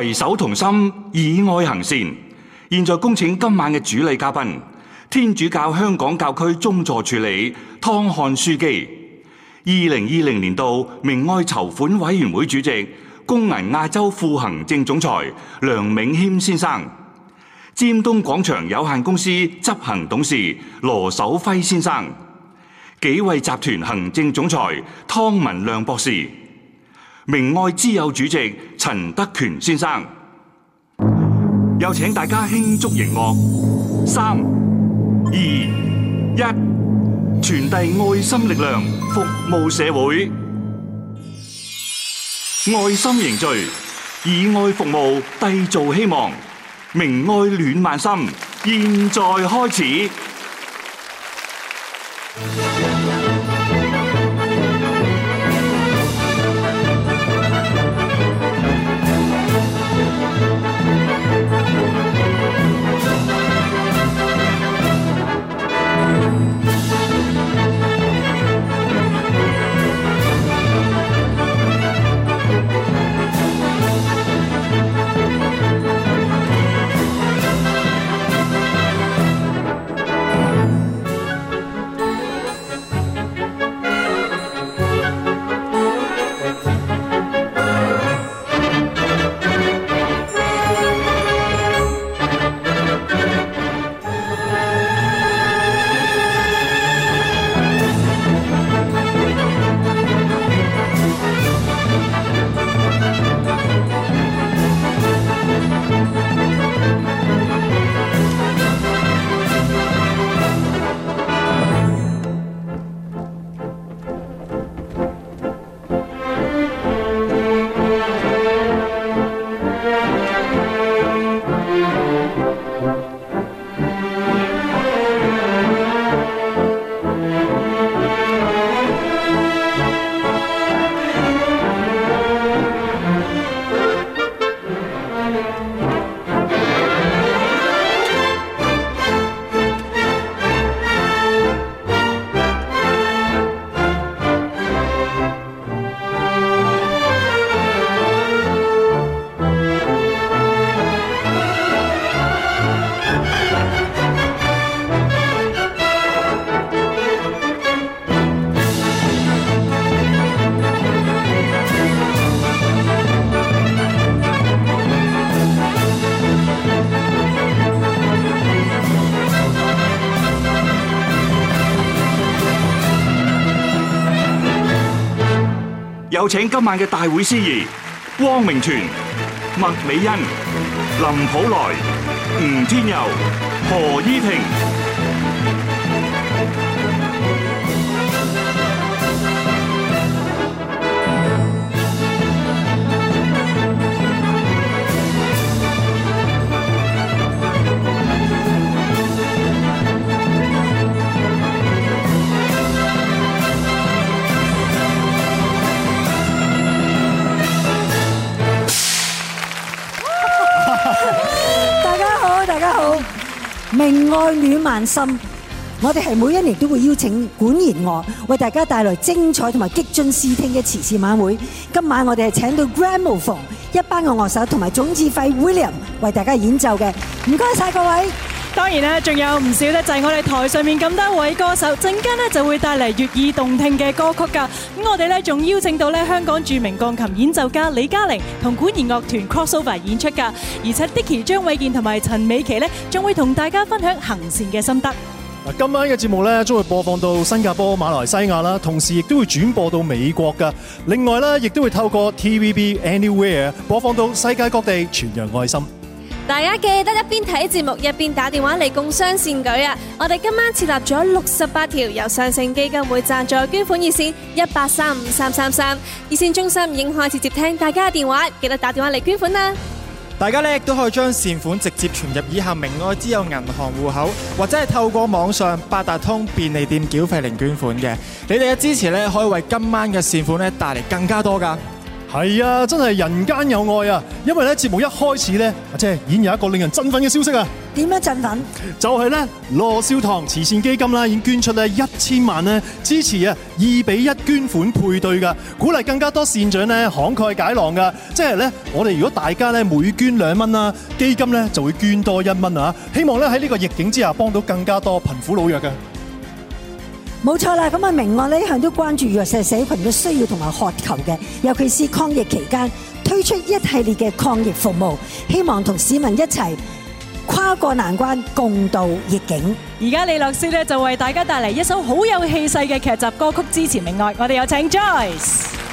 攜手同心，以愛行善。現在恭請今晚嘅主禮嘉賓，天主教香港教區宗座助理湯漢樞機，二零二零年度明愛籌款委員會主席，工銀亞洲副行政總裁梁永謙先生，尖東廣場有限公司執行董事羅守輝先生，紀惠集團行政總裁湯文亮博士。明愛之友主席陳德權先生，有請大家輕觸熒幕，三、二、一，傳遞愛心力量，服務社會，愛心凝聚，以愛服務，締造希望，明愛暖萬心，現在開始。有請今晚嘅大會司儀：汪明荃、麥美恩、林溥來、吳天佑、何依婷。明愛暖萬心，我哋係每一年都會邀請管弦樂為大家帶來精彩同埋激進視聽嘅慈善晚會。今晚我哋係請到 Gramophone 一班嘅樂手同埋總指揮 William 為大家演奏嘅，唔該曬各位。當然仲有唔少咧，就係我哋台上面咁多位歌手，陣間呢就會帶嚟悅耳動聽嘅歌曲噶。咁我哋咧仲邀請到咧香港著名鋼琴演奏家李嘉玲同管弦樂團 Cross Over 演出噶。而且 Dicky 張衛健同埋陳美琪呢仲會同大家分享行善嘅心得。嗱，今晚嘅節目呢將會播放到新加坡、馬來西亞啦，同時亦都會轉播到美國噶。另外呢亦都會透過 TVB Anywhere 播放到世界各地，傳揚愛心。大家記得一邊睇節目一邊打電話嚟共襄善舉啊！我哋今晚設立咗六十八條由上城基金會贊助捐款熱線一八三五三三三，熱線中心已經開始接聽大家嘅電話，記得打電話嚟捐款啦！大家咧亦都可以將善款直接存入以下明愛之友銀行戶口，或者係透過網上八達通便利店繳費嚟捐款嘅。你哋嘅支持咧，可以為今晚嘅善款咧帶嚟更加多噶。係啊，真係人間有愛啊！因為呢節目一開始呢，即係演有一個令人振奮嘅消息啊！點樣振奮？就係呢，羅少棠慈善基金啦，已經捐出咧一千萬支持啊，二比一捐款配對㗎，鼓勵更加多善長呢慷慨解囊㗎即、就係呢，我哋如果大家呢每捐兩蚊啦，基金呢就會捐多一蚊啊！希望呢喺呢個逆境之下，幫到更加多貧苦老弱嘅。冇錯啦！咁啊，明愛呢一向都關注弱勢社群嘅需要同埋渴求嘅，尤其是抗疫期間推出一系列嘅抗疫服務，希望同市民一齊跨過難關，共度逆境。而家李樂詩呢，就為大家帶嚟一首好有氣勢嘅劇集歌曲，支持明愛，我哋有請 Joyce。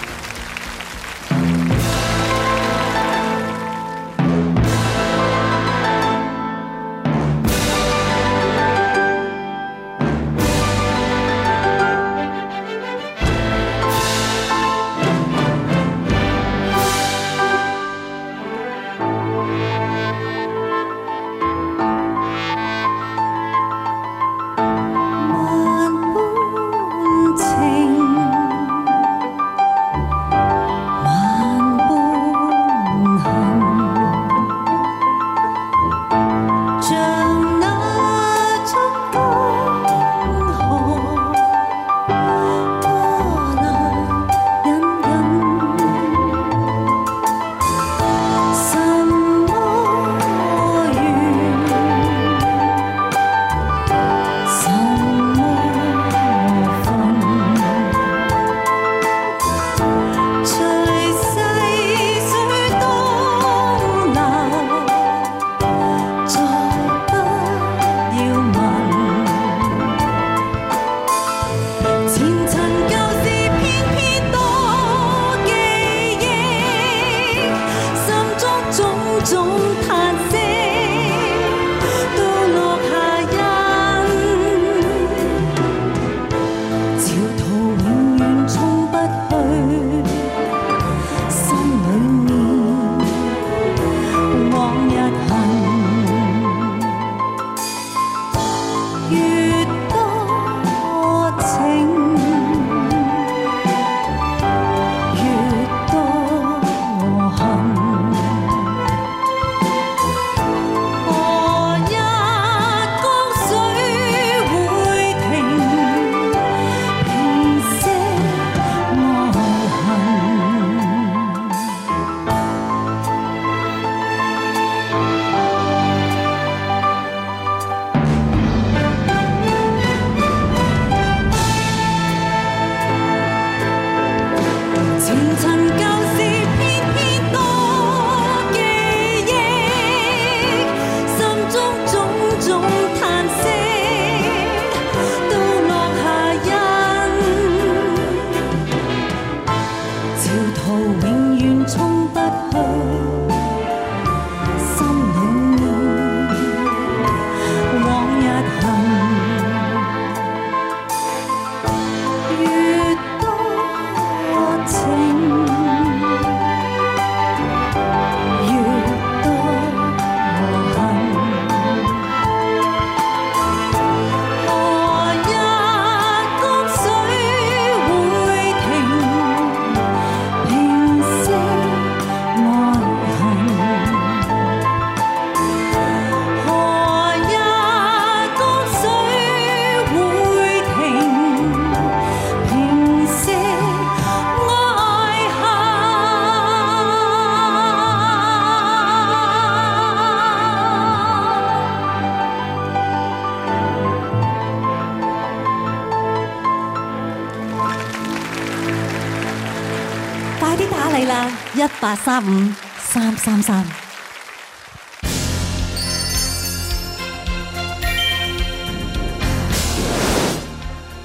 一八三五三三三。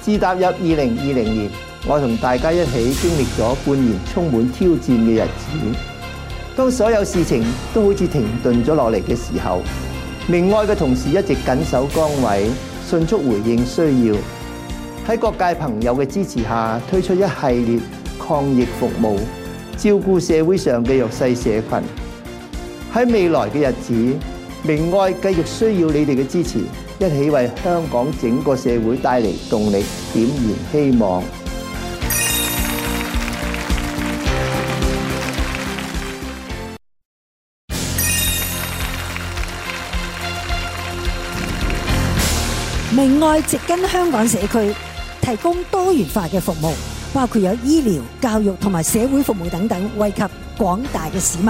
自踏入二零二零年，我同大家一起經歷咗半年充滿挑戰嘅日子。當所有事情都好似停頓咗落嚟嘅時候，明愛嘅同事一直緊守崗位，迅速回應需要。喺各界朋友嘅支持下，推出一系列抗疫服務。照顧社會上嘅弱勢社群，喺未來嘅日子，明愛繼續需要你哋嘅支持，一起為香港整個社會帶嚟動力，點燃希望。明愛植根香港社區，提供多元化嘅服務。包括有醫療、教育同埋社會服務等等，惠及廣大嘅市民。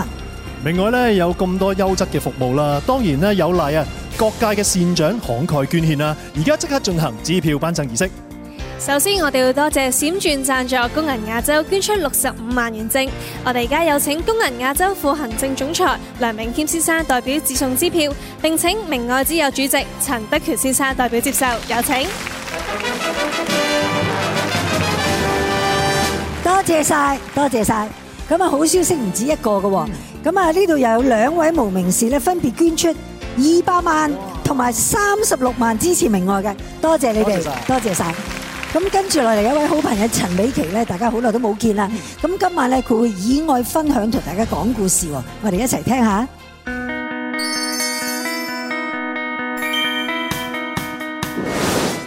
明愛呢有咁多優質嘅服務啦，當然呢有賴啊各界嘅善長慷慨捐獻啦。而家即刻進行支票頒贈儀式。首先，我哋要多謝閃轉贊助工銀亞洲捐出六十五萬元正。我哋而家有請工銀亞洲副行政總裁梁明謙先生代表致送支票，並請明愛之友主席陳德權先生代表接受，有請。多謝晒，多謝晒。咁啊，好消息唔止一個㗎，咁啊呢度又有兩位無名氏咧，分別捐出二百萬同埋三十六萬支持明愛嘅。多謝你哋，多謝晒。咁跟住落嚟，一位好朋友陳美琪咧，大家好耐都冇見啦。咁今晚咧，佢會以愛分享同大家講故事，我哋一齊聽聽一下。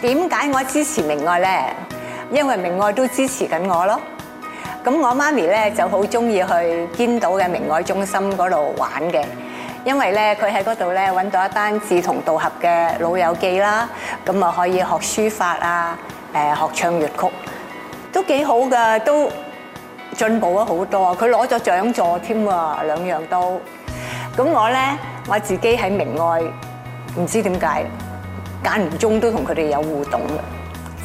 點解我支持明愛咧？因為明愛都支持緊我咯。咁我媽咪咧就好中意去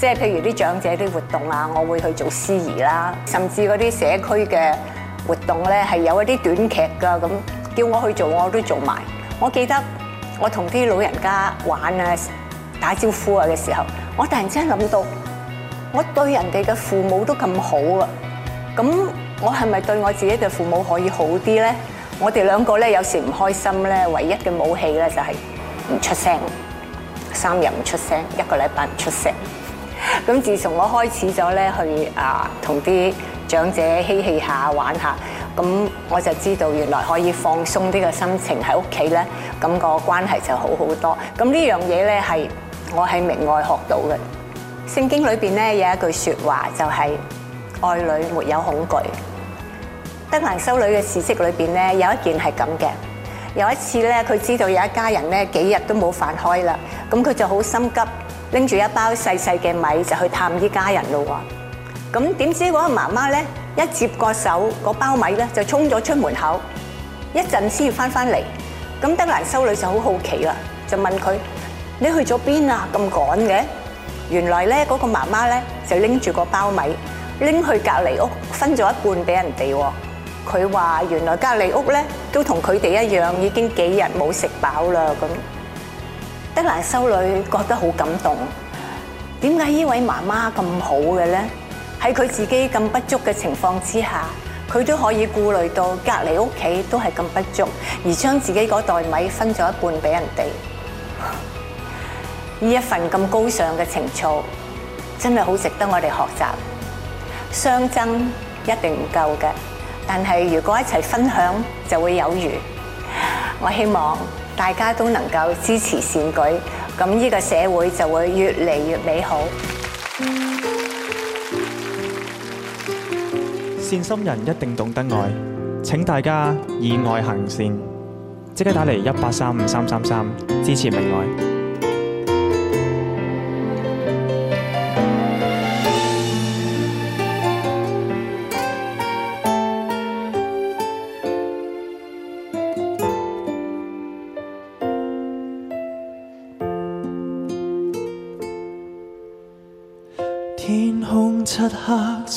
即係譬如啲長者啲活動啊，我會去做司儀啦，甚至嗰啲社區嘅活動咧，係有一啲短劇噶咁，叫我去做我都做埋。我記得我同啲老人家玩啊、打招呼啊嘅時候，我突然之間諗到，我對人哋嘅父母都咁好啊，咁我係咪對我自己嘅父母可以好啲咧？我哋兩個咧有時唔開心咧，唯一嘅武器咧就係唔出聲，三日唔出聲，一個禮拜唔出聲。咁自從我開始咗咧去啊同啲長者嬉戲下玩下，咁我就知道原來可以放鬆啲個心情喺屋企咧，咁個關係就好好多。咁呢樣嘢咧係我喺明愛學到嘅。聖經裏邊咧有一句説話就係愛女沒有恐懼。德蘭修女嘅事蹟裏邊咧有一件係咁嘅。有一次咧佢知道有一家人咧幾日都冇飯開啦，咁佢就好心急。拎住一包細細嘅米就去探呢家人咯喎，咁點知嗰個媽媽咧一接個手，嗰包米咧就衝咗出門口，一陣先翻翻嚟。咁德蘭修女就好好奇啦，就問佢：你去咗邊啊？咁趕嘅？原來咧嗰個媽媽咧就拎住個包米，拎去隔籬屋分咗一半俾人哋。佢話原來隔籬屋咧都同佢哋一樣，已經幾日冇食飽啦咁。德蘭修女覺得好感動，點解呢位媽媽咁好嘅咧？喺佢自己咁不足嘅情況之下，佢都可以顧慮到隔籬屋企都係咁不足，而將自己嗰袋米分咗一半俾人哋。呢一份咁高尚嘅情操，真係好值得我哋學習。相爭一定唔夠嘅，但係如果一齊分享就會有餘。我希望。大家都能夠支持善舉，咁呢個社會就會越嚟越美好。善心人一定懂得愛，請大家以愛行善，即刻打嚟一八三五三三三支持明愛。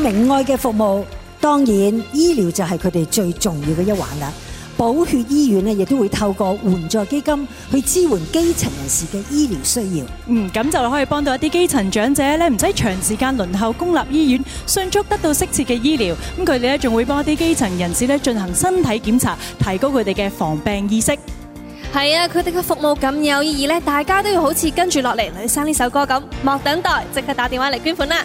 明愛嘅服務，當然醫療就係佢哋最重要嘅一環啦。寶血醫院咧，亦都會透過援助基金去支援基層人士嘅醫療需要。嗯，咁就可以幫到一啲基層長者咧，唔使長時間輪候公立醫院，迅速得到適切嘅醫療。咁佢哋咧，仲會幫一啲基層人士咧進行身體檢查，提高佢哋嘅防病意識。係啊，佢哋嘅服務咁有意義咧，大家都要好似跟住落嚟，女生呢首歌咁，莫等待，即刻打電話嚟捐款啦！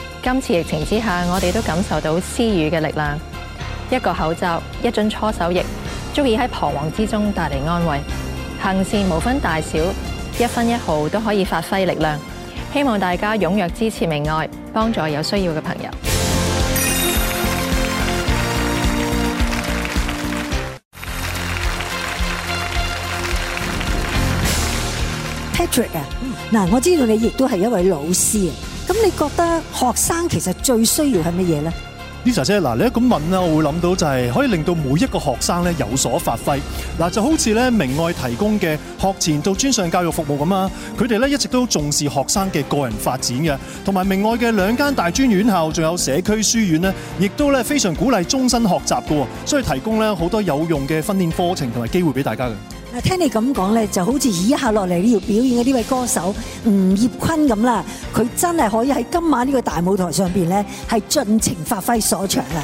今次疫情之下，我哋都感受到施予嘅力量。一個口罩，一樽搓手液，足以喺彷徨之中帶嚟安慰。行善無分大小，一分一毫都可以發揮力量。希望大家踴躍支持明愛，幫助有需要嘅朋友。Patrick 啊，嗱，我知道你亦都係一位老師啊。你覺得學生其實最需要係乜嘢呢 Lisa 姐，嗱，你一咁問啦，我會諗到就係可以令到每一個學生咧有所發揮。嗱，就好似咧明愛提供嘅學前到專上教育服務咁啊，佢哋咧一直都重視學生嘅個人發展嘅，同埋明愛嘅兩間大專院校仲有社區書院咧，亦都咧非常鼓勵終身學習嘅，所以提供咧好多有用嘅訓練課程同埋機會俾大家嘅。聽你咁講咧，就好似以下落嚟要表演嘅呢位歌手吳業坤咁啦，佢真係可以喺今晚呢個大舞台上邊咧，係盡情發揮所長啦。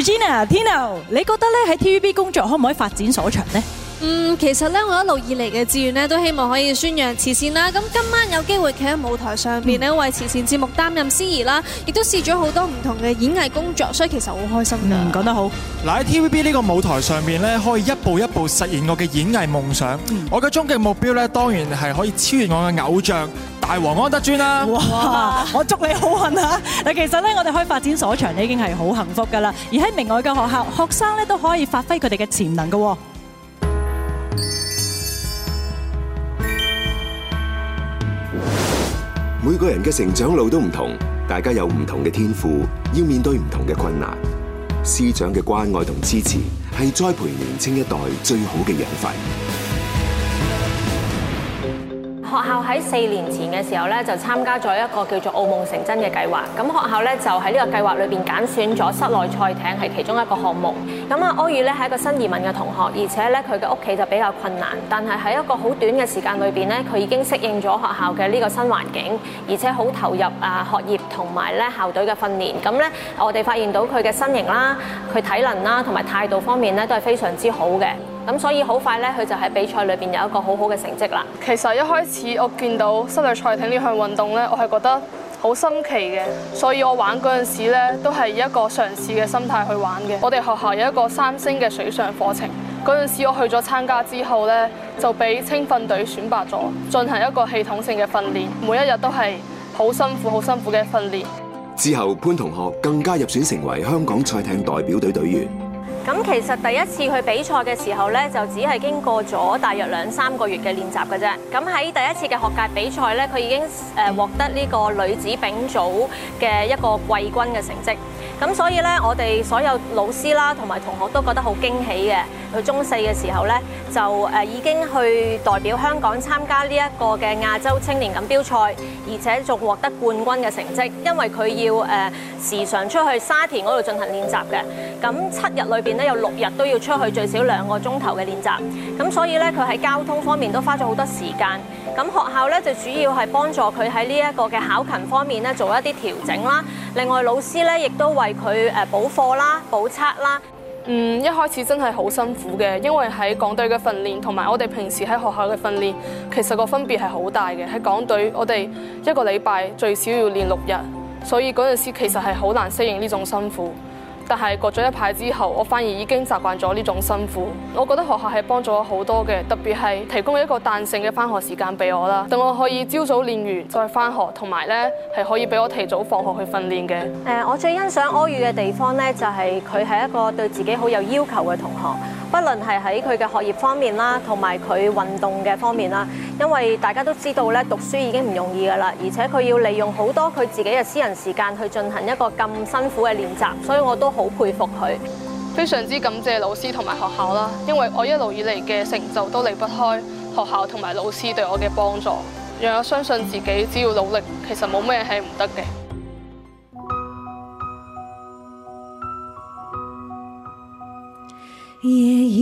Regina Tino，你覺得喺 TVB 工作可唔可以發展所長呢？其實咧，我一路以嚟嘅志願咧，都希望可以宣揚慈善啦。咁今晚有機會企喺舞台上面咧，為慈善節目擔任司儀啦，亦都試咗好多唔同嘅演藝工作，所以其實好開心噶。嗯，講得好。嗱喺 TVB 呢個舞台上面咧，可以一步一步實現我嘅演藝夢想。我嘅終極目標咧，當然係可以超越我嘅偶像大王安德尊啦。哇！我祝你好運嚇。嗱，其實咧，我哋可以發展所長已經係好幸福噶啦。而喺明愛嘅學校，學生咧都可以發揮佢哋嘅潛能噶。每個人嘅成長路都唔同，大家有唔同嘅天賦，要面對唔同嘅困難。師長嘅關愛同支持，係栽培年青一代最好嘅養分。學校喺四年前嘅時候咧，就參加咗一個叫做《奧夢成真》嘅計劃。咁學校咧就喺呢個計劃裏邊揀選咗室內賽艇係其中一個項目。咁啊，柯宇咧係一個新移民嘅同學，而且咧佢嘅屋企就比較困難。但係喺一個好短嘅時間裏邊咧，佢已經適應咗學校嘅呢個新環境，而且好投入啊學業同埋咧校隊嘅訓練。咁咧，我哋發現到佢嘅身形啦、佢體能啦同埋態度方面咧，都係非常之好嘅。咁所以好快咧，佢就喺比賽裏邊有一個好好嘅成績啦。其實一開始我見到室內賽艇呢項運動咧，我係覺得好新奇嘅，所以我玩嗰陣時咧都係以一個嘗試嘅心態去玩嘅。我哋學校有一個三星嘅水上課程，嗰陣時我去咗參加之後咧，就俾青訓隊選拔咗，進行一個系統性嘅訓練，每一日都係好辛苦，好辛苦嘅訓練。之後潘同學更加入選成為香港賽艇代表隊隊員。咁其實第一次去比賽嘅時候咧，就只係經過咗大約兩三個月嘅練習嘅啫。咁喺第一次嘅學界比賽咧，佢已經誒獲得呢個女子丙組嘅一個季軍嘅成績。咁所以咧，我哋所有老師啦，同埋同學都覺得好驚喜嘅。佢中四嘅時候咧，就誒、呃、已經去代表香港參加呢一個嘅亞洲青年錦標賽，而且仲獲得冠軍嘅成績，因為佢要誒、呃、時常出去沙田嗰度進行練習嘅。咁七日裏邊咧，有六日都要出去最少兩個鐘頭嘅練習。咁所以咧，佢喺交通方面都花咗好多時間。咁學校咧，就主要係幫助佢喺呢一個嘅考勤方面咧，做一啲調整啦。另外老師咧亦都為。佢誒補課啦，補測啦。嗯，一開始真係好辛苦嘅，因為喺港隊嘅訓練同埋我哋平時喺學校嘅訓練，其實個分別係好大嘅。喺港隊，我哋一個禮拜最少要練六日，所以嗰陣時其實係好難適應呢種辛苦。但係過咗一排之後，我反而已經習慣咗呢種辛苦。我覺得學校係幫咗我好多嘅，特別係提供一個彈性嘅翻學時間俾我啦，等我可以朝早練完再翻學，同埋咧係可以俾我提早放學去訓練嘅。誒，我最欣賞柯宇嘅地方咧，就係佢係一個對自己好有要求嘅同學。不論係喺佢嘅學業方面啦，同埋佢運動嘅方面啦，因為大家都知道咧，讀書已經唔容易噶啦，而且佢要利用好多佢自己嘅私人時間去進行一個咁辛苦嘅練習，所以我都好佩服佢。非常之感謝老師同埋學校啦，因為我一路以嚟嘅成就都離不開學校同埋老師對我嘅幫助，讓我相信自己只要努力，其實冇咩係唔得嘅。Yeah.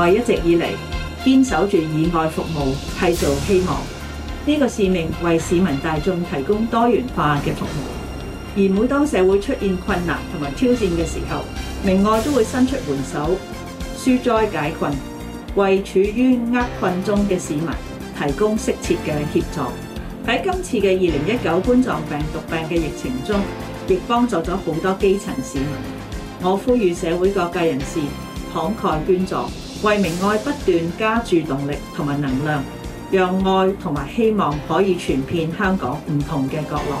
我一直以嚟堅守住以愛服務，締造希望呢個使命，為市民大眾提供多元化嘅服務。而每當社會出現困難同埋挑戰嘅時候，明愛都會伸出援手，紓災解困，為處於厄困中嘅市民提供適切嘅協助。喺今次嘅二零一九冠狀病毒病嘅疫情中，亦幫助咗好多基層市民。我呼籲社會各界人士慷慨捐助。為明愛不斷加注動力同埋能量，讓愛同埋希望可以傳遍香港唔同嘅角落。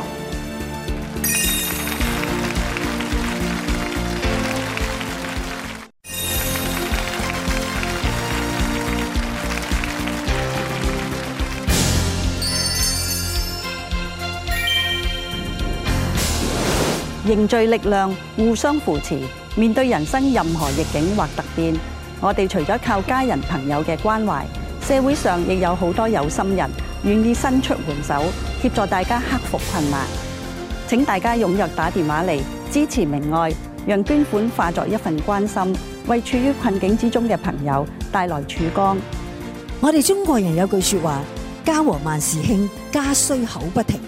凝聚力量，互相扶持，面對人生任何逆境或突變。我哋除咗靠家人朋友嘅關懷，社會上亦有好多有心人願意伸出援手協助大家克服困難，請大家踴躍打電話嚟支持明愛，讓捐款化作一份關心，為處於困境之中嘅朋友帶來曙光。我哋中國人有句說話：家和萬事興，家衰口不停。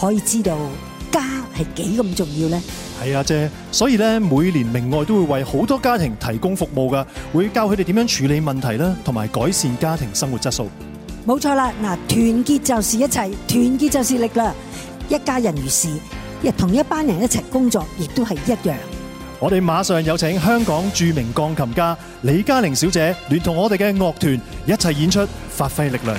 可以知道家係幾咁重要咧。係啊，姐，所以咧，每年明愛都會為好多家庭提供服務噶，會教佢哋點樣處理問題啦，同埋改善家庭生活質素。冇錯啦，嗱，團結就是一切，團結就是力量。一家人如是，亦同一班人一齊工作，亦都係一樣。我哋馬上有請香港著名鋼琴家李嘉玲小姐，聯同我哋嘅樂團一齊演出，發揮力量。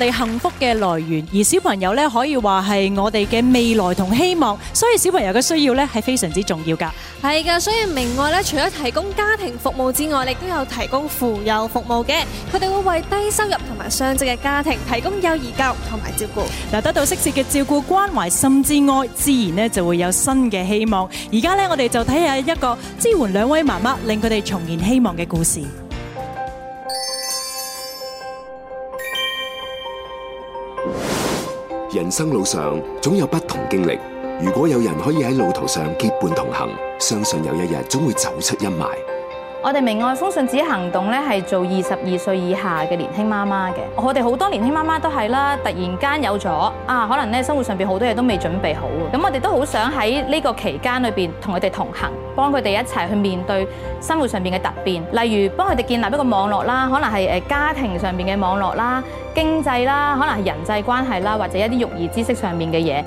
我哋幸福嘅來源，而小朋友呢可以話係我哋嘅未來同希望，所以小朋友嘅需要呢係非常之重要噶。係噶，所以明愛呢除咗提供家庭服務之外，亦都有提供扶幼服務嘅。佢哋會為低收入同埋雙職嘅家庭提供幼兒教育同埋照顧。嗱，得到適切嘅照顧關懷，甚至愛，自然呢就會有新嘅希望。而家呢我哋就睇下一個支援兩位媽媽，令佢哋重燃希望嘅故事。人生路上總有不同經歷，如果有人可以喺路途上結伴同行，相信有一日總會走出陰霾。我哋明愛風信子行動咧，係做二十二歲以下嘅年輕媽媽嘅。我哋好多年輕媽媽都係啦，突然間有咗啊，可能咧生活上邊好多嘢都未準備好。咁我哋都好想喺呢個期間裏邊同佢哋同行，幫佢哋一齊去面對生活上邊嘅突變，例如幫佢哋建立一個網絡啦，可能係誒家庭上邊嘅網絡啦、經濟啦，可能係人際關係啦，或者一啲育兒知識上面嘅嘢。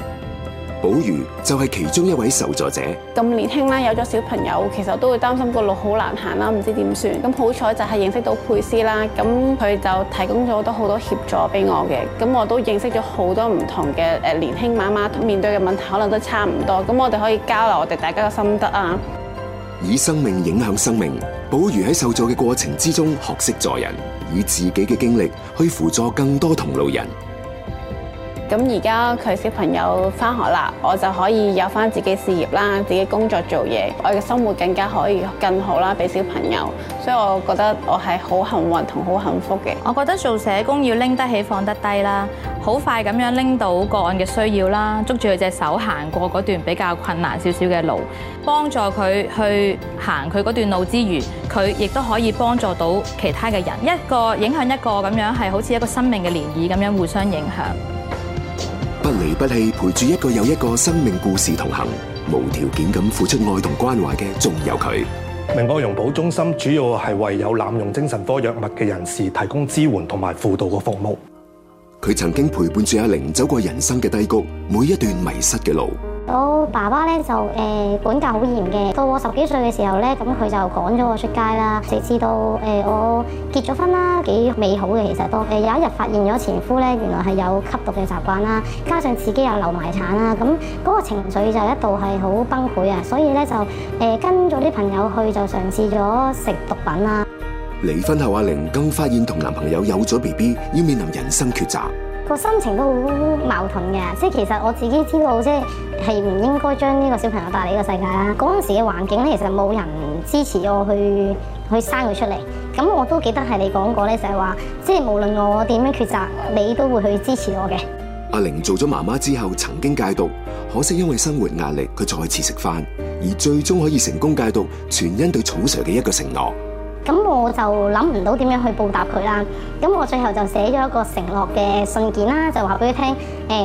寶如就係其中一位受助者，咁年輕啦，有咗小朋友，其實都會擔心個路好難行啦，唔知點算。咁好彩就係認識到佩斯啦，咁佢就提供咗好多好多協助俾我嘅，咁我都認識咗好多唔同嘅誒年輕媽媽面對嘅問題，可能都差唔多。咁我哋可以交流我哋大家嘅心得啊。以生命影響生命，寶如喺受助嘅過程之中學識助人，以自己嘅經歷去輔助更多同路人。咁而家佢小朋友翻學啦，我就可以有翻自己事業啦，自己工作做嘢，我嘅生活更加可以更好啦，俾小朋友。所以，我覺得我係好幸運同好幸福嘅。我覺得做社工要拎得起放得低啦，好快咁樣拎到個案嘅需要啦，捉住佢隻手行過嗰段比較困難少少嘅路，幫助佢去行佢嗰段路之餘，佢亦都可以幫助到其他嘅人。一個影響一個咁樣，係好似一個生命嘅漣漪咁樣互相影響。離，不離不棄，陪住一個又一個生命故事同行，無條件咁付出愛同關懷嘅，仲有佢。明愛容圃中心主要係為有濫用精神科藥物嘅人士提供支援同埋輔導嘅服務。佢曾經陪伴住阿玲走過人生嘅低谷，每一段迷失嘅路。我爸爸咧就誒、呃、管教好嚴嘅，到我十幾歲嘅時候咧，咁佢就趕咗我出街啦。直至到誒、呃、我結咗婚啦，幾美好嘅其實都。誒、呃、有一日發現咗前夫咧，原來係有吸毒嘅習慣啦，加上自己又流埋產啦，咁嗰個情緒就一度係好崩潰啊。所以咧就誒、呃、跟咗啲朋友去就嘗試咗食毒品啦。離婚後阿玲更發現同男朋友有咗 BB，要面臨人生抉擇。個心情都好矛盾嘅，即係其實我自己知道，即係係唔應該將呢個小朋友帶嚟呢個世界啦。嗰陣時嘅環境咧，其實冇人支持我去去生佢出嚟。咁我都記得係你講過咧，就係話，即係無論我點樣抉擇，你都會去支持我嘅。阿玲做咗媽媽之後，曾經戒毒，可惜因為生活壓力，佢再次食飯，而最終可以成功戒毒，全因對曹 Sir 嘅一個承諾。咁我就諗唔到點樣去報答佢啦。咁我最後就寫咗一個承諾嘅信件啦，就話俾佢聽。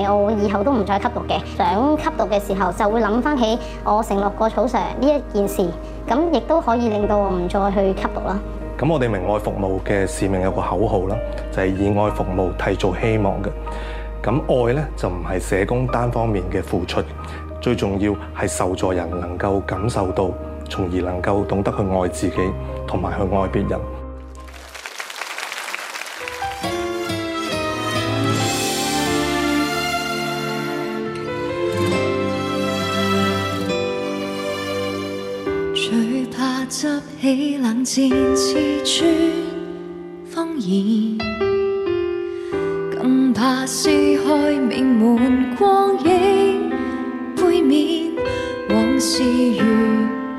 誒，我以後都唔再吸毒嘅。想吸毒嘅時候，就會諗翻起我承諾過草蛇呢一件事。咁亦都可以令到我唔再去吸毒啦。咁我哋明愛服務嘅使命有個口號啦，就係以愛服務，締造希望嘅。咁愛咧就唔係社工單方面嘅付出，最重要係受助人能夠感受到。從而能夠懂得去愛自己，同埋去愛別人。最怕執起冷箭刺穿謊言，更怕撕開名門光影背面往事如。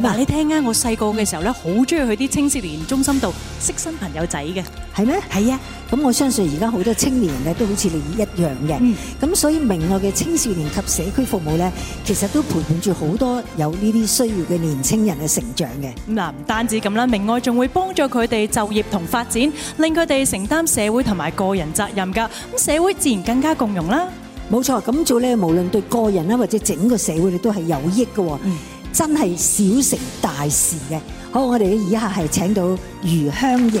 嗱，你聽啊！我細個嘅時候咧，好中意去啲青少年中心度識新朋友仔嘅，係咩？係啊！咁我相信而家好多青年人咧都好似你一樣嘅，咁所以明愛嘅青少年及社區服務咧，其實都陪伴住好多有呢啲需要嘅年青人嘅成長嘅。嗱，唔單止咁啦，明愛仲會幫助佢哋就業同發展，令佢哋承擔社會同埋個人責任噶。咁社會自然更加共融啦。冇錯，咁做咧，無論對個人啦，或者整個社會，你都係有益嘅。真係小成大事嘅，好，我哋以下係請到余香凝。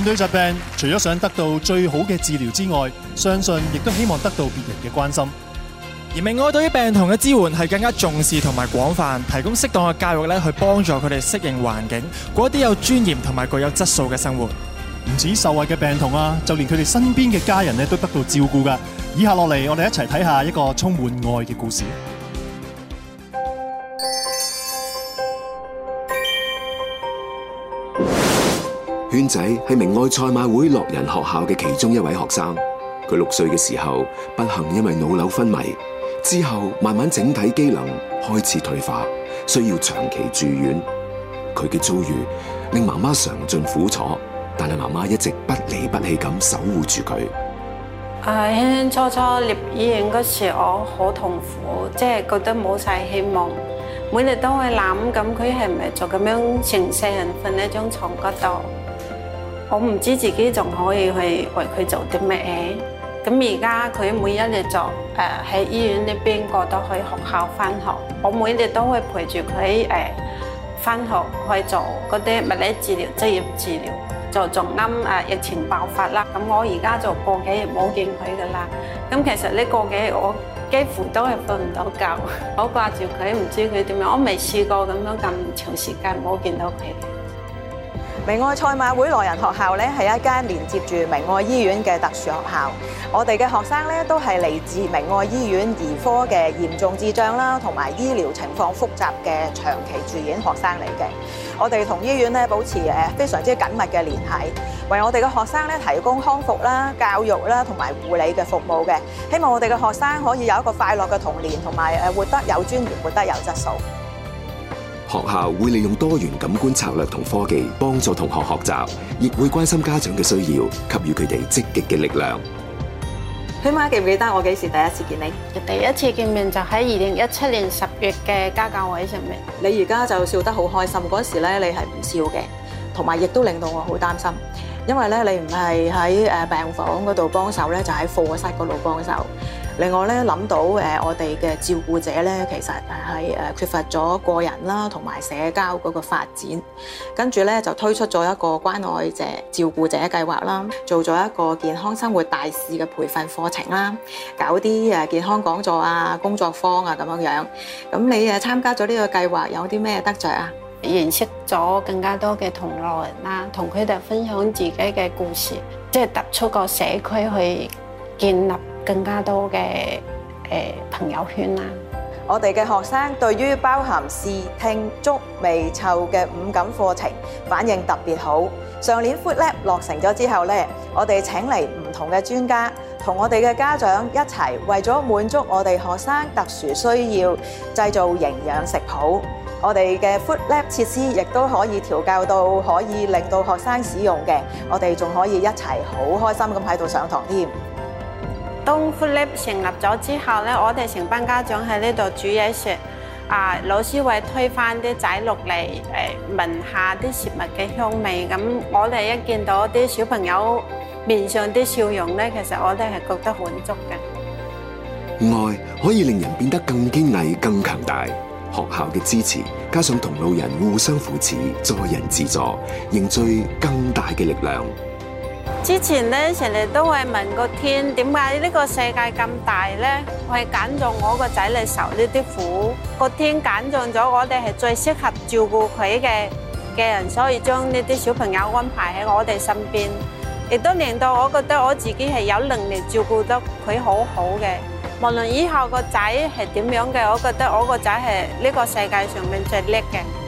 面對疾病，除咗想得到最好嘅治療之外，相信亦都希望得到別人嘅關心。而明愛對於病童嘅支援係更加重視同埋廣泛，提供適當嘅教育咧，去幫助佢哋適應環境，過一啲有尊嚴同埋具有質素嘅生活。唔止受惠嘅病童啊，就連佢哋身邊嘅家人咧，都得到照顧㗎。以下落嚟，我哋一齊睇下一個充滿愛嘅故事。娟仔係明愛賽馬會樂仁學校嘅其中一位學生，佢六歲嘅時候不幸因為腦瘤昏迷，之後慢慢整體機能開始退化，需要長期住院。佢嘅遭遇令媽媽嘗盡苦楚，但係媽媽一直不離不棄咁守護住佢。誒，輕輕初初入醫院嗰時，我好痛苦，即係覺得冇晒希望，每日都會諗咁，佢係咪就咁樣成世人瞓喺張床嗰度。我唔知自己仲可以去為佢做啲咩嘢，咁而家佢每一日就誒喺、呃、醫院呢邊，過到去學校翻學，我每日都會陪住佢，誒、呃、翻學去做嗰啲物理治療、職業治療。就仲啱誒疫情爆發啦，咁我而家就過幾天沒個幾日冇見佢噶啦。咁其實呢個幾日我幾乎都係瞓唔到覺，好掛住佢，唔知佢點樣，我未試過咁樣咁長時間冇見到佢。明愛賽馬會樂仁學校咧，係一間連接住明愛醫院嘅特殊學校。我哋嘅學生咧，都係嚟自明愛醫院兒科嘅嚴重智障啦，同埋醫療情況複雜嘅長期住院學生嚟嘅。我哋同醫院咧保持誒非常之緊密嘅聯繫，為我哋嘅學生咧提供康復啦、教育啦同埋護理嘅服務嘅。希望我哋嘅學生可以有一個快樂嘅童年，同埋誒活得有尊嚴，活得有質素。學校會利用多元感官策略同科技幫助同學學習，亦會關心家長嘅需要，給予佢哋積極嘅力量。起碼記唔記得我幾時第一次見你？第一次見面就喺二零一七年十月嘅家教位上面。你而家就笑得好開心，嗰時咧你係唔笑嘅，同埋亦都令到我好擔心，因為咧你唔係喺誒病房嗰度幫手咧，就喺課室嗰度幫手。另外咧，諗到誒我哋嘅照顧者咧，其實係誒缺乏咗個人啦，同埋社交嗰個發展。跟住咧，就推出咗一個關愛者照顧者計劃啦，做咗一個健康生活大事嘅培訓課程啦，搞啲誒健康講座啊、工作坊啊咁樣樣。咁你誒參加咗呢個計劃，有啲咩得著啊？認識咗更加多嘅同路人啦，同佢哋分享自己嘅故事，即係突出個社區去建立。更加多嘅、呃、朋友圈啦！我哋嘅學生對於包含視、聽、觸、味、嗅嘅五感課程反應特別好。上年 food lab 落成咗之後咧，我哋請嚟唔同嘅專家同我哋嘅家長一齊，為咗滿足我哋學生特殊需要，製造營養食譜。我哋嘅 food lab 設施亦都可以調教到，可以令到學生使用嘅。我哋仲可以一齊好開心咁喺度上堂添。當 Flip 成立咗之後咧，我哋成班家長喺呢度煮嘢食。啊，老師會推翻啲仔落嚟，誒，聞下啲食物嘅香味。咁我哋一見到啲小朋友面上啲笑容咧，其實我哋係覺得滿足嘅。愛可以令人變得更堅毅、更強大。學校嘅支持，加上同老人互相扶持、助人自助，凝聚更大嘅力量。之前咧成日都會問個天，點解呢個世界咁大咧？我係揀咗我個仔嚟受呢啲苦，個天揀中咗我哋係最適合照顧佢嘅嘅人，所以將呢啲小朋友安排喺我哋身邊，亦都令到我覺得我自己係有能力照顧得佢好好嘅。無論以後個仔係點樣嘅，我覺得我個仔係呢個世界上面最叻嘅。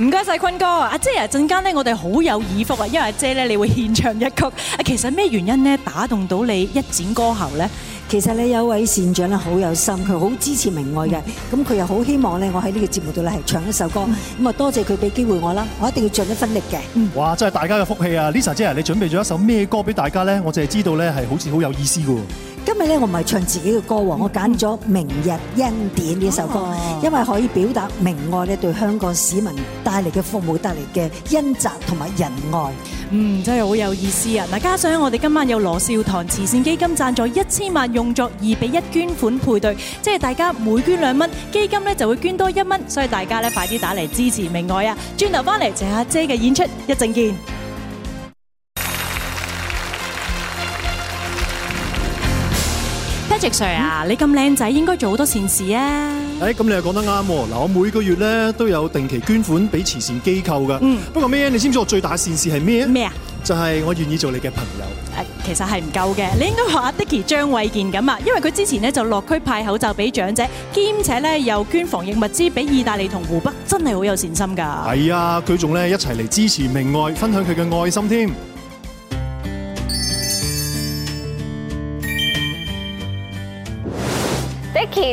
唔該晒坤哥，阿姐啊！陣間咧，我哋好有耳福啊，因為阿姐咧，你會獻唱一曲。其實咩原因咧，打動到你一展歌喉咧？其實你有位善長咧，好有心，佢好支持明愛嘅，咁、嗯、佢又好希望咧，我喺呢個節目度咧係唱一首歌。咁、嗯、啊，多謝佢俾機會我啦，我一定要盡一分力嘅、嗯。哇！真係大家嘅福氣啊，Lisa 姐啊，你準備咗一首咩歌俾大家咧？我淨係知道咧係好似好有意思嘅。今日咧，我唔係唱自己嘅歌喎，我揀咗《明日恩典》呢首歌，因為可以表達明愛咧對香港市民帶嚟嘅服務帶嚟嘅恩澤同埋仁愛。嗯，真係好有意思啊！嗱，加上我哋今晚有羅兆堂慈善基金讚助一千萬，用作二比一捐款配對，即係大家每捐兩蚊，基金咧就會捐多一蚊，所以大家咧快啲打嚟支持明愛啊！轉頭翻嚟謝阿姐嘅演出，一陣見。直 Sir 啊，嗯、你咁靚仔，應該做好多善事啊！誒、哎，咁你又講得啱喎。嗱，我每個月咧都有定期捐款俾慈善機構噶。嗯，不過咩？你知唔知我最大善事係咩？咩啊？就係、是、我願意做你嘅朋友。誒，其實係唔夠嘅，你應該學阿 Dickie 張衛健咁啊，因為佢之前咧就落區派口罩俾長者，兼且咧又捐防疫物資俾意大利同湖北，真係好有善心噶。係、哎、啊，佢仲咧一齊嚟支持明愛，分享佢嘅愛心添。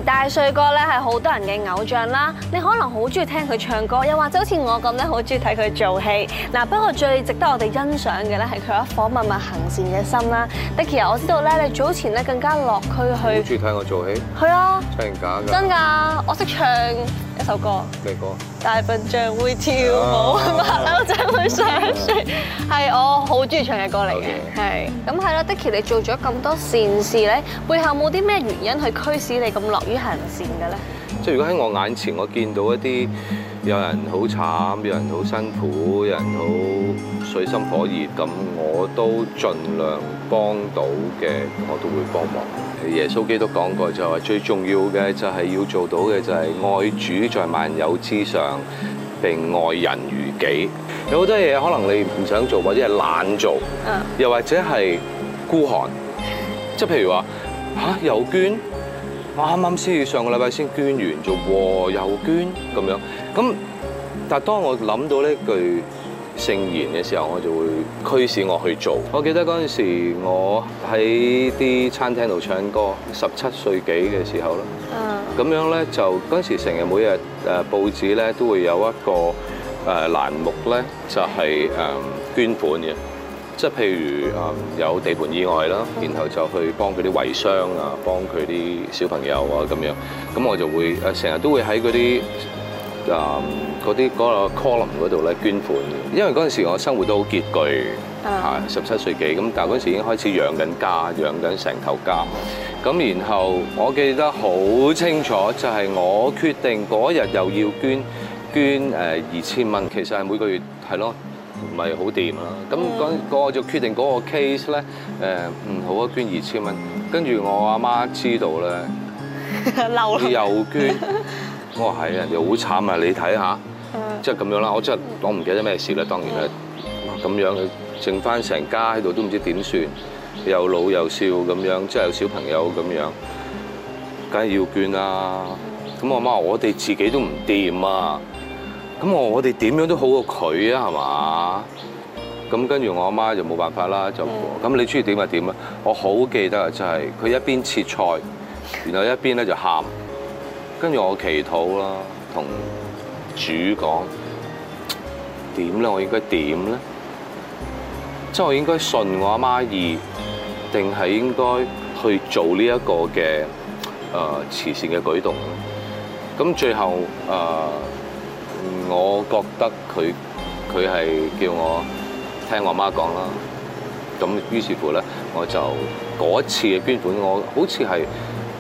大帥哥咧係好多人嘅偶像啦，你可能好中意聽佢唱歌，又或者好似我咁咧好中意睇佢做戲。嗱，不過最值得我哋欣賞嘅咧係佢一顆默默行善嘅心啦。Dicky，我知道咧，你早前咧更加樂趣去。好中意睇我做戲？係啊。真係假㗎？真㗎，我識唱。一首歌，咩歌？大笨象會跳舞啊嘛，馬騮仔會上樹，係、啊、我好中意唱嘅歌嚟嘅。係咁係啦，Dicky 你做咗咁多善事咧，背後冇啲咩原因去驅使你咁樂於行善嘅咧？即係如果喺我眼前，我見到一啲，有人好慘，有人好辛苦，有人好水深火熱咁，我都盡量幫到嘅，我都會幫忙。耶穌基督講過就係話最重要嘅就係要做到嘅就係愛主在萬有之上，並愛人如己。有好多嘢可能你唔想做，或者係懶做，又或者係孤寒。即係譬如話吓又捐，我啱啱先上個禮拜先捐完做喎，又捐咁樣。咁，但係當我諗到呢句聖言嘅時候，我就會驅使我去做。我記得嗰陣時，我喺啲餐廳度唱歌，十七歲幾嘅時候啦。咁樣咧，就嗰陣時成日每日誒報紙咧都會有一個誒欄目咧，就係誒捐款嘅，即係譬如有地盤意外啦，然後就去幫佢啲遺孀啊，幫佢啲小朋友啊咁樣。咁我就會誒成日都會喺嗰啲。誒嗰啲嗰個 column 嗰度咧捐款嘅，因為嗰陣時我生活都好拮據嚇，十、嗯、七歲幾咁，但嗰陣時已經開始養緊家，養緊成頭家。咁然後我記得好清楚，就係我決定嗰日又要捐捐誒二千蚊，其實係每個月係咯，唔係好掂啦。咁嗰個就決定嗰個 case 咧、呃、誒，嗯，好啊，捐二千蚊。跟住我阿媽，媽知道咧，嬲又捐。 我話係，人哋好慘啊！你睇下，即係咁樣啦。我真係我唔記得咩事啦。當然啦，咁樣剩翻成家喺度都唔知點算，又老又少咁樣，即係有小朋友咁樣，梗係要捐啦。咁我媽話我哋自己都唔掂啊。咁我我哋點樣都好過佢啊，係嘛？咁跟住我阿媽就冇辦法啦，就咁，你中意點就點呀。我好記得啊，就係佢一邊切菜，然後一邊咧就喊。跟住我祈禱啦，同主講點咧？我應該點咧？即係我應該信我阿媽二，定係應該去做呢一個嘅誒、呃、慈善嘅舉動？咁最後誒、呃，我覺得佢佢係叫我聽我媽講啦。咁於是乎咧，我就嗰一次嘅捐款，我好似係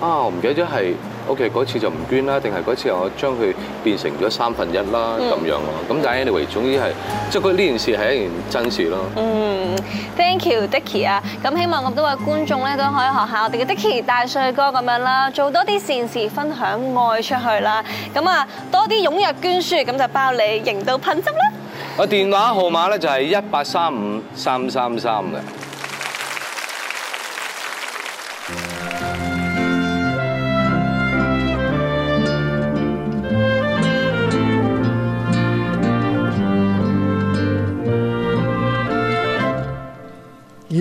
啊，我唔記得咗係。OK，嗰次就唔捐啦，定係嗰次我將佢變成咗三分一啦咁、嗯、樣咯。咁但係 anyway，總之係即係呢件事係一件真事咯、嗯。嗯，Thank you，Dicky 啊。咁希望咁多位觀眾咧都可以學下我哋嘅 Dicky 大帥哥咁樣啦，做多啲善事，分享愛出去啦。咁啊，多啲踴躍捐書，咁就包你贏到噴汁啦。我電話號碼咧就係一八三五三三三嘅。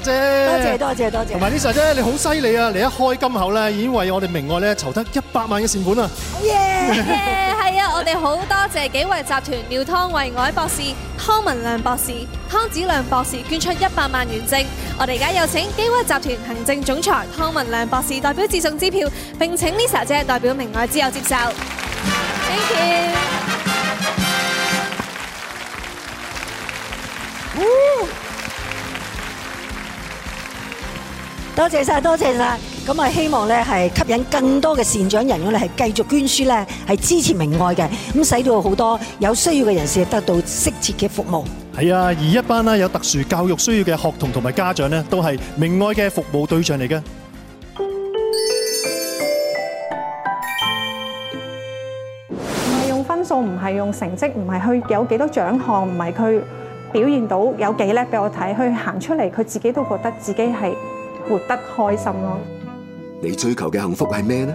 多謝多謝多謝，同埋 Lisa 姐，你好犀利啊！你一開金口咧，已經為我哋明愛咧籌得一百萬嘅善款啦！耶，係啊！我哋好多謝基惠集團廖湯維靄博士、湯文亮博士、湯子亮博士捐出一百萬元正。我哋而家有請基惠集團行政總裁湯文亮博士代表致送支票，並請 Lisa 姐代表明愛之後接受。Thank you。多謝晒，多謝晒。咁啊，希望咧係吸引更多嘅善長人員咧，係繼續捐書咧，係支持明愛嘅。咁使到好多有需要嘅人士得到適切嘅服務。係啊，而一班啊有特殊教育需要嘅學童同埋家長咧，都係明愛嘅服務對象嚟嘅。唔係用分數，唔係用成績，唔係去有幾多獎項，唔係佢表現到有幾叻俾我睇，去行出嚟，佢自己都覺得自己係。活得開心咯！你追求嘅幸福係咩呢？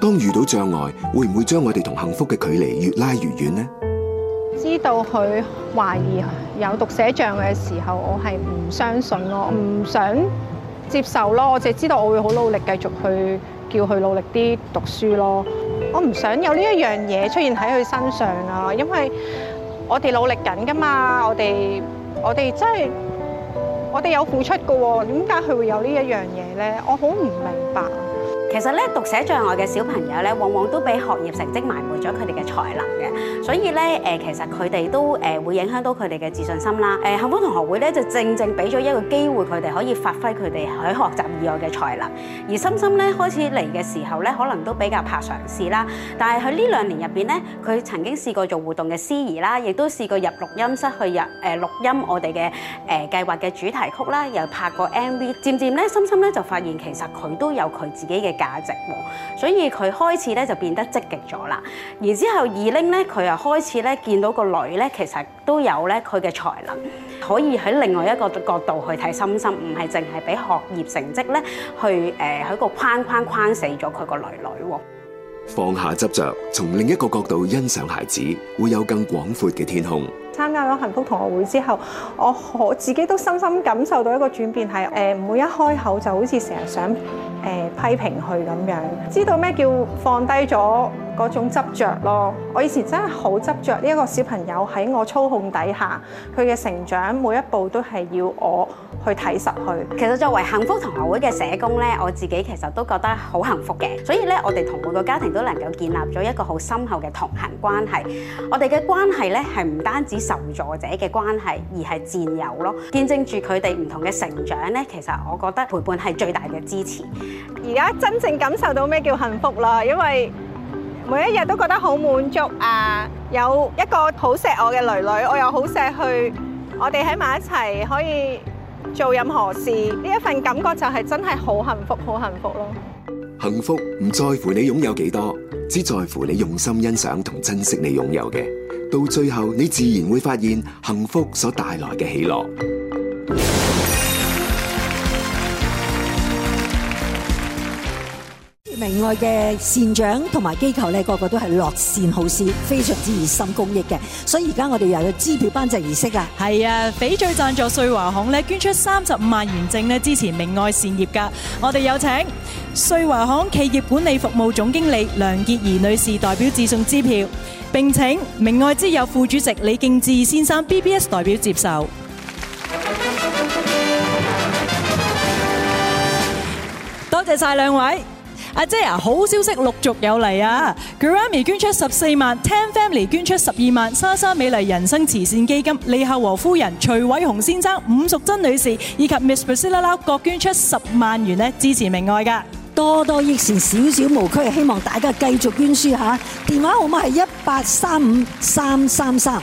當遇到障礙，會唔會將我哋同幸福嘅距離越拉越遠呢？知道佢懷疑有讀寫障礙嘅時候，我係唔相信咯，唔想接受咯。我就知道我會好努力，繼續去叫佢努力啲讀書咯。我唔想有呢一樣嘢出現喺佢身上啊！因為我哋努力緊㗎嘛，我哋我哋真係。我哋有付出噶，喎，點解佢會有這呢一樣嘢咧？我好唔明白。其實咧，讀寫障礙嘅小朋友咧，往往都俾學業成績埋沒咗佢哋嘅才能嘅，所以咧，誒，其實佢哋都誒會影響到佢哋嘅自信心啦。誒，幸福同學會咧就正正俾咗一個機會佢哋可以發揮佢哋喺學習以外嘅才能。而深深咧開始嚟嘅時候咧，可能都比較怕嘗試啦。但係喺呢兩年入邊咧，佢曾經試過做互動嘅司儀啦，亦都試過入錄音室去入誒錄音我哋嘅誒計劃嘅主題曲啦，又拍過 MV。漸漸咧，深深咧就發現其實佢都有佢自己嘅價值喎，所以佢開始咧就變得積極咗啦。然之後二拎咧，佢又開始咧見到個女咧，其實都有咧佢嘅才能，可以喺另外一個角度去睇心心，唔係淨係俾學業成績咧去誒喺個框框框死咗佢個女女喎。放下執着，從另一個角度欣賞孩子，會有更廣闊嘅天空。參加咗幸福同學會之後，我可自己都深深感受到一個轉變，係誒每一開口就好似成日想誒批評佢咁樣，知道咩叫放低咗嗰種執著咯。我以前真係好執著呢一個小朋友喺我操控底下，佢嘅成長每一步都係要我去睇實佢。其實作為幸福同學會嘅社工咧，我自己其實都覺得好幸福嘅。所以咧，我哋同每個家庭都能夠建立咗一個好深厚嘅同行關係。我哋嘅關係咧係唔單止～受助者嘅關係而係戰友咯，見證住佢哋唔同嘅成長咧。其實我覺得陪伴係最大嘅支持。而家真正感受到咩叫幸福啦，因為每一日都覺得好滿足啊！有一個好錫我嘅囡囡，我又好錫佢，我哋喺埋一齊可以做任何事，呢一份感覺就係真係好幸福，好幸福咯！幸福唔在乎你擁有幾多，只在乎你用心欣賞同珍惜你擁有嘅。到最後，你自然會發現幸福所帶來嘅喜樂。明愛嘅善長同埋機構咧，個個都係樂善好施，非常之熱心公益嘅。所以而家我哋又有支票頒獎儀式啊！係啊，翡翠贊助瑞華行咧，捐出三十五萬元正咧，支持明愛善業噶。我哋有請瑞華行企業管理服務總經理梁潔儀女士代表致送支票，並請明愛之友副主席李敬志先生 B B S 代表接受。多謝晒兩位。阿姐啊，好消息陸續有嚟啊！Grammy 捐出十四萬，Ten Family 捐出十二萬，莎莎美麗人生慈善基金，李孝和夫人、徐偉雄先生、伍淑珍女士以及 Miss Priscilla Lau 各捐出十萬元支持明愛㗎，多多益善，少少無拘，希望大家繼續捐輸吓，電話號碼係一八三五三三三。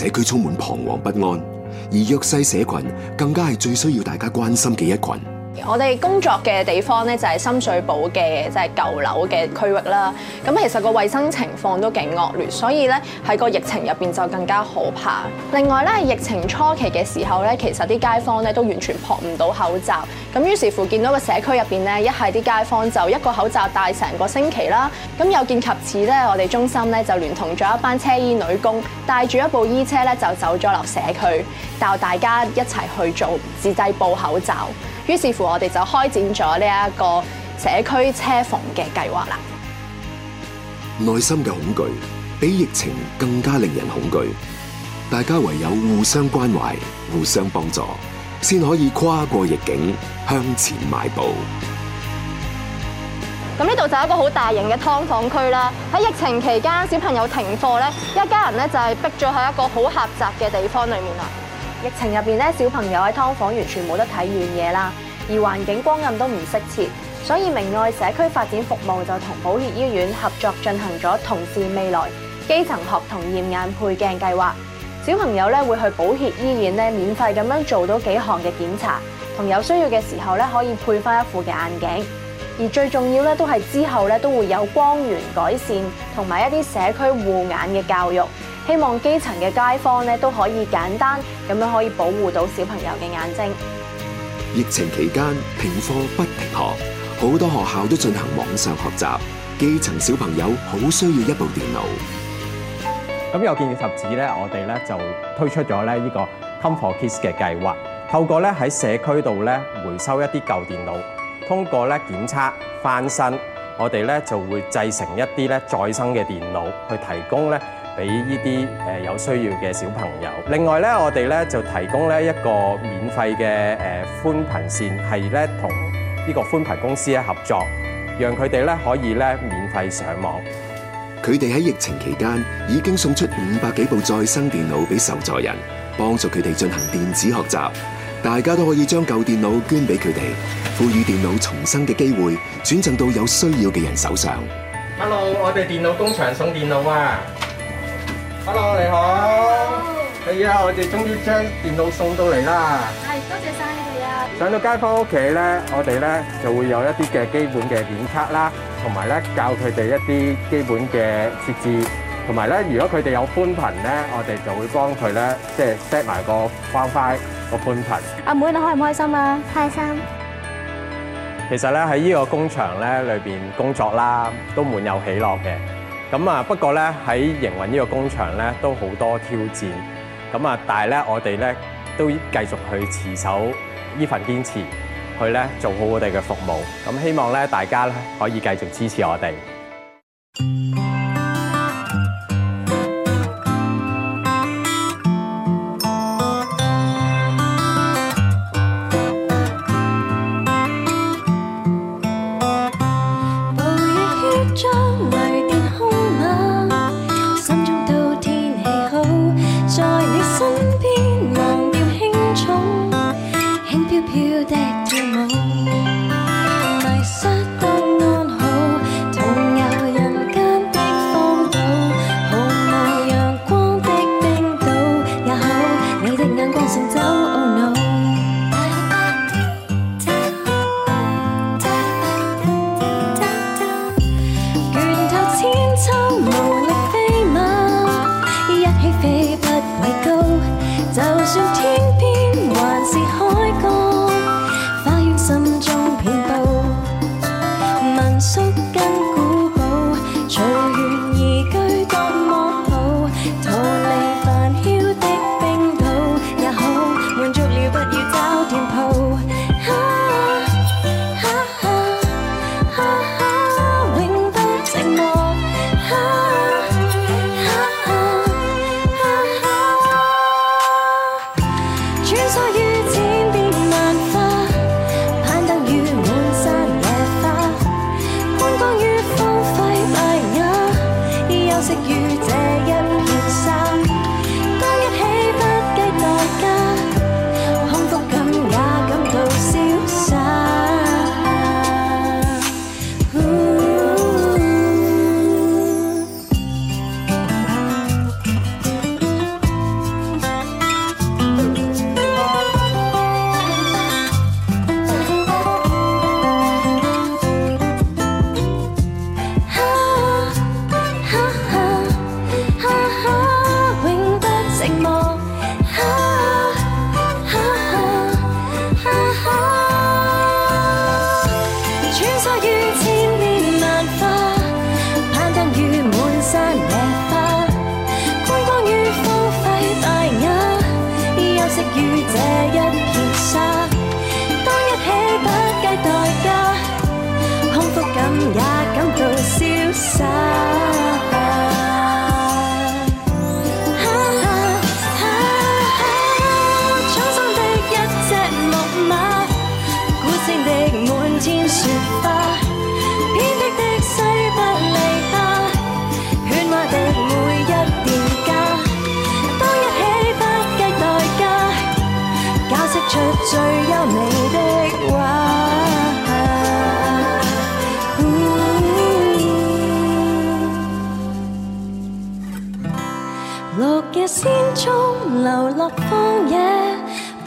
社區充滿彷徨不安，而弱勢社群更加係最需要大家關心嘅一群。我哋工作嘅地方咧就係深水埗嘅即係舊樓嘅區域啦。咁其實個衞生情況都勁惡劣，所以咧喺個疫情入邊就更加可怕。另外咧，疫情初期嘅時候咧，其實啲街坊咧都完全撲唔到口罩。咁於是乎見到個社區入邊咧，一係啲街坊就一個口罩戴成個星期啦。咁又見及此咧，我哋中心咧就聯同咗一班車衣女工，帶住一部衣車咧就走咗落社區，教大家一齊去做自製布口罩。於是乎，我哋就開展咗呢一個社區車房嘅計劃啦。內心嘅恐懼比疫情更加令人恐懼，大家唯有互相關懷、互相幫助，先可以跨過逆境向前邁步。咁呢度就係一個好大型嘅劏房區啦。喺疫情期間，小朋友停課咧，一家人咧就係逼咗喺一個好狹窄嘅地方裏面啦。疫情入邊咧，小朋友喺劏房完全冇得睇遠嘢啦，而環境光暗都唔適切，所以明愛社區發展服務就同寶血醫院合作進行咗同事未來基層學童驗眼配鏡計劃。小朋友咧會去寶血醫院咧免費咁樣做到幾項嘅檢查，同有需要嘅時候咧可以配翻一副嘅眼鏡，而最重要咧都係之後咧都會有光源改善同埋一啲社區護眼嘅教育。希望基層嘅街坊咧都可以簡單咁樣可以保護到小朋友嘅眼睛。疫情期間停課不停學，好多學校都進行網上學習，基層小朋友好需要一部電腦。咁有見及此咧，我哋咧就推出咗咧呢個 Com for Kids 嘅計劃，透過咧喺社區度咧回收一啲舊電腦，通過咧檢測翻新，我哋咧就會製成一啲咧再生嘅電腦去提供咧。俾呢啲誒有需要嘅小朋友。另外呢，我哋呢就提供呢一個免費嘅誒寬頻線，係呢同呢個寬頻公司咧合作，讓佢哋呢可以咧免費上網。佢哋喺疫情期間已經送出五百幾部再生電腦俾受助人，幫助佢哋進行電子學習。大家都可以將舊電腦捐俾佢哋，賦予電腦重生嘅機會，轉贈到有需要嘅人手上。Hello，我哋電腦工場送電腦啊！hello，你好。係啊，我哋終於將電腦送到嚟啦。係，多謝晒你哋啊。上到街坊屋企咧，我哋咧就會有一啲嘅基本嘅檢測啦，同埋咧教佢哋一啲基本嘅設置，同埋咧如果佢哋有寬頻咧，我哋就會幫佢咧即係 set 埋個 wifi 個寬頻。阿妹，你開唔開心啊？開心。其實咧喺呢個工場咧裏邊工作啦，都滿有喜樂嘅。咁啊，不過咧喺營運呢個工場咧都好多挑戰，咁啊，但係咧我哋咧都繼續去持守呢份堅持，去咧做好我哋嘅服務。咁希望咧大家咧可以繼續支持我哋。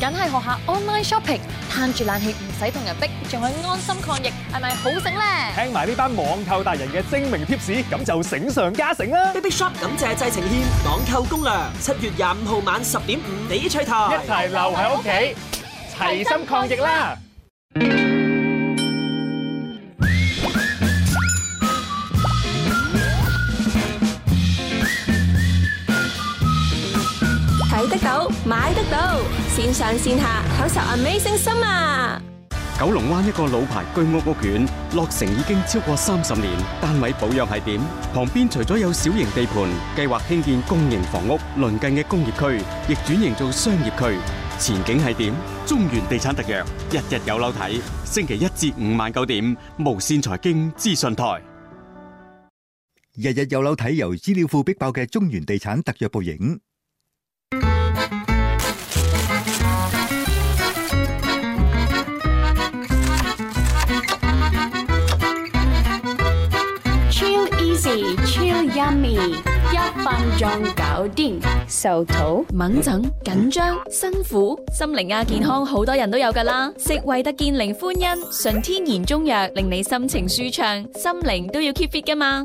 梗係學下 online shopping，嘆住冷氣唔使同人逼，仲可以安心抗疫，係咪好醒咧？聽埋呢班網購達人嘅精明貼士，咁就醒上加醒啦！Big Big Shop 感謝製承憲網購攻略，七月廿五號晚十點五，翡翠台一齊留喺屋企，齊心抗疫啦！線下九十阿美星心啊！九龍灣一個老牌居屋屋苑，落成已經超過三十年，單位保養係點？旁邊除咗有小型地盤，計劃興建公營房屋，鄰近嘅工業區亦轉型做商業區，前景係點？中原地產特約，日日有樓睇，星期一至五晚九點，無線財經資訊台，日日有樓睇，由資料庫逼爆嘅中原地產特約報影。超 yummy，一分鐘搞掂。受肚、掹疹、緊張、辛苦、心靈亞健康，好多人都有噶啦。食惠特健靈歡欣純天然中藥，令你心情舒暢，心靈都要 keep fit 噶嘛。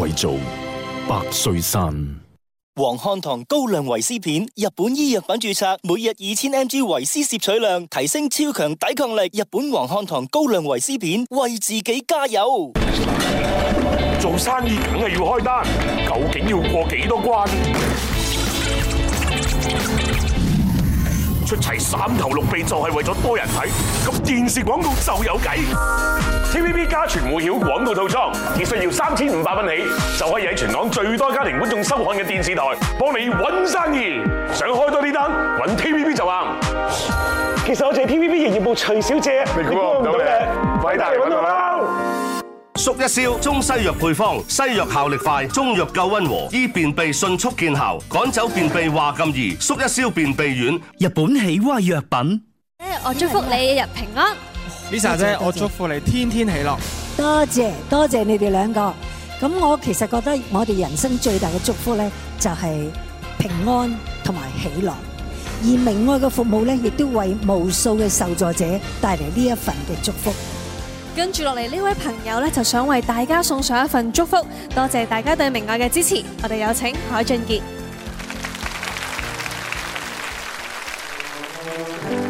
為做百歲山黃漢堂高量維 C 片，日本醫藥品注冊，每日 2000mg 維 C 攝取量，提升超強抵抗力。日本黃漢堂高量維 C 片，為自己加油。做生意梗係要開單，究竟要過幾多關？啊啊啊啊啊出齊三頭六臂就係、是、為咗多人睇，咁電視廣告就有計。T V B 家傳戶曉廣告套裝，只需要三千五百蚊起，就可以喺全港最多家庭觀眾收看嘅電視台幫你搵生意想。想開多啲單，搵 T V B 就啱。其實我哋 T V B 營業部徐小姐，你搵唔到你，偉大啦。縮一燒，中西藥配方，西藥效力快，中藥夠温和，醫便秘迅速見效，趕走便秘話咁易，縮一燒便秘丸，日本喜蛙藥品。誒，我祝福你一日平安。Lisa 姐，我祝福你天天喜樂。多謝多謝你哋兩個。咁我其實覺得我哋人生最大嘅祝福咧，就係平安同埋喜樂。而明愛嘅服務咧，亦都為無數嘅受助者帶嚟呢一份嘅祝福。跟住落嚟呢位朋友呢，就想為大家送上一份祝福。多謝大家對明愛嘅支持，我哋有請海俊傑。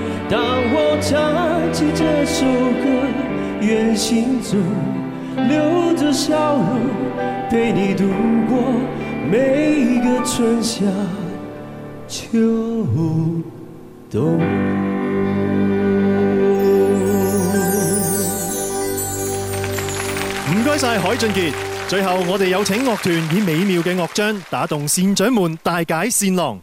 當我唱起這首歌，願行著留著笑容，陪你度過每一個春夏秋冬。唔該晒，海俊傑。最後，我哋有請樂團以美妙嘅樂章打動善長們，大解善囊。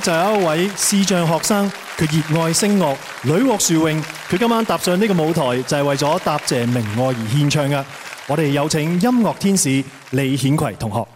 就有一位視障學生，佢熱愛聲樂，屢獲殊榮。佢今晚踏上呢個舞台，就係、是、為咗答謝明愛而獻唱噶。我哋有請音樂天使李顯葵同學。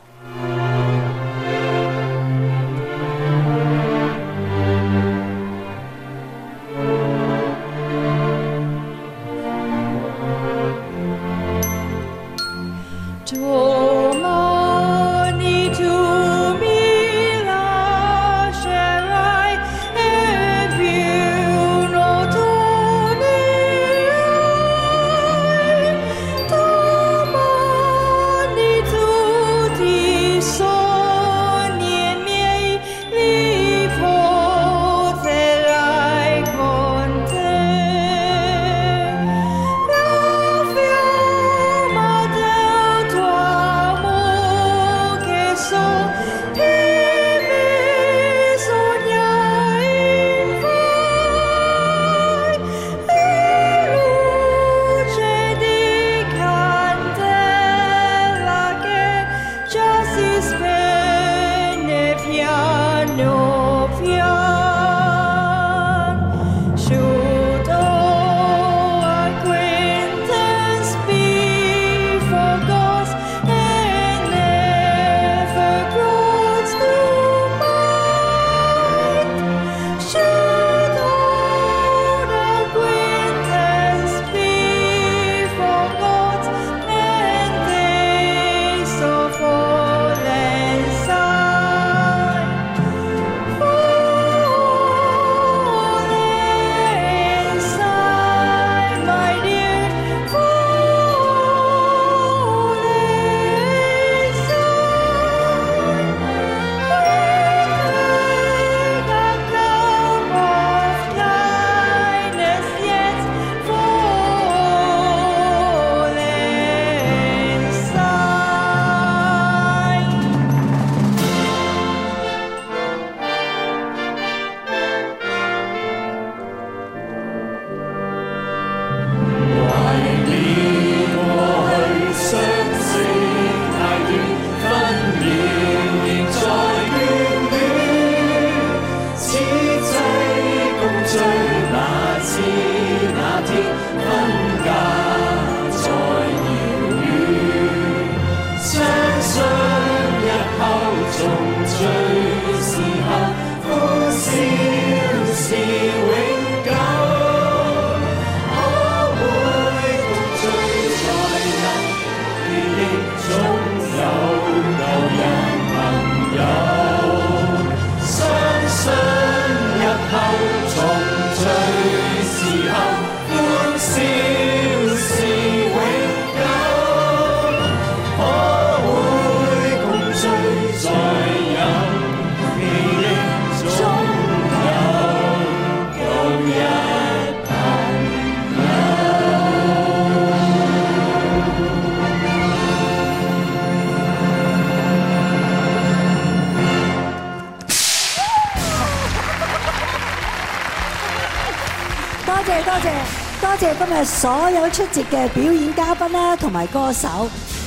所有出席嘅表演嘉賓啦，同埋歌手，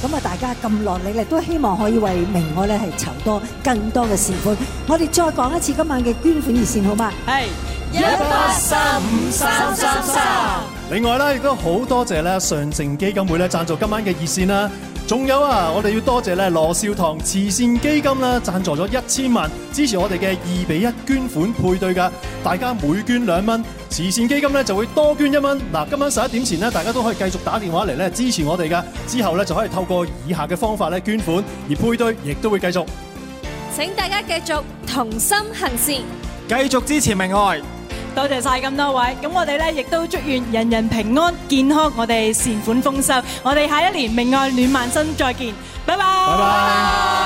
咁啊大家咁落力，亦都希望可以為明愛咧係籌多更多嘅善款。我哋再講一次今晚嘅捐款熱線好嗎？係一八三五三三三。另外咧亦都好多謝咧上城基金會咧贊助今晚嘅熱線啦，仲有啊我哋要多謝咧羅少棠慈善基金啦贊助咗一千萬支持我哋嘅二比一捐款配對噶，大家每捐兩蚊。慈善基金就會多捐一蚊。今晚十一點前大家都可以繼續打電話嚟支持我哋㗎，之後就可以透過以下嘅方法捐款，而配對亦都會繼續。請大家繼續同心行善，繼續支持明愛。多謝晒咁多位。咁我哋亦都祝願人人平安健康，我哋善款豐收。我哋下一年明愛暖萬心再見，拜拜。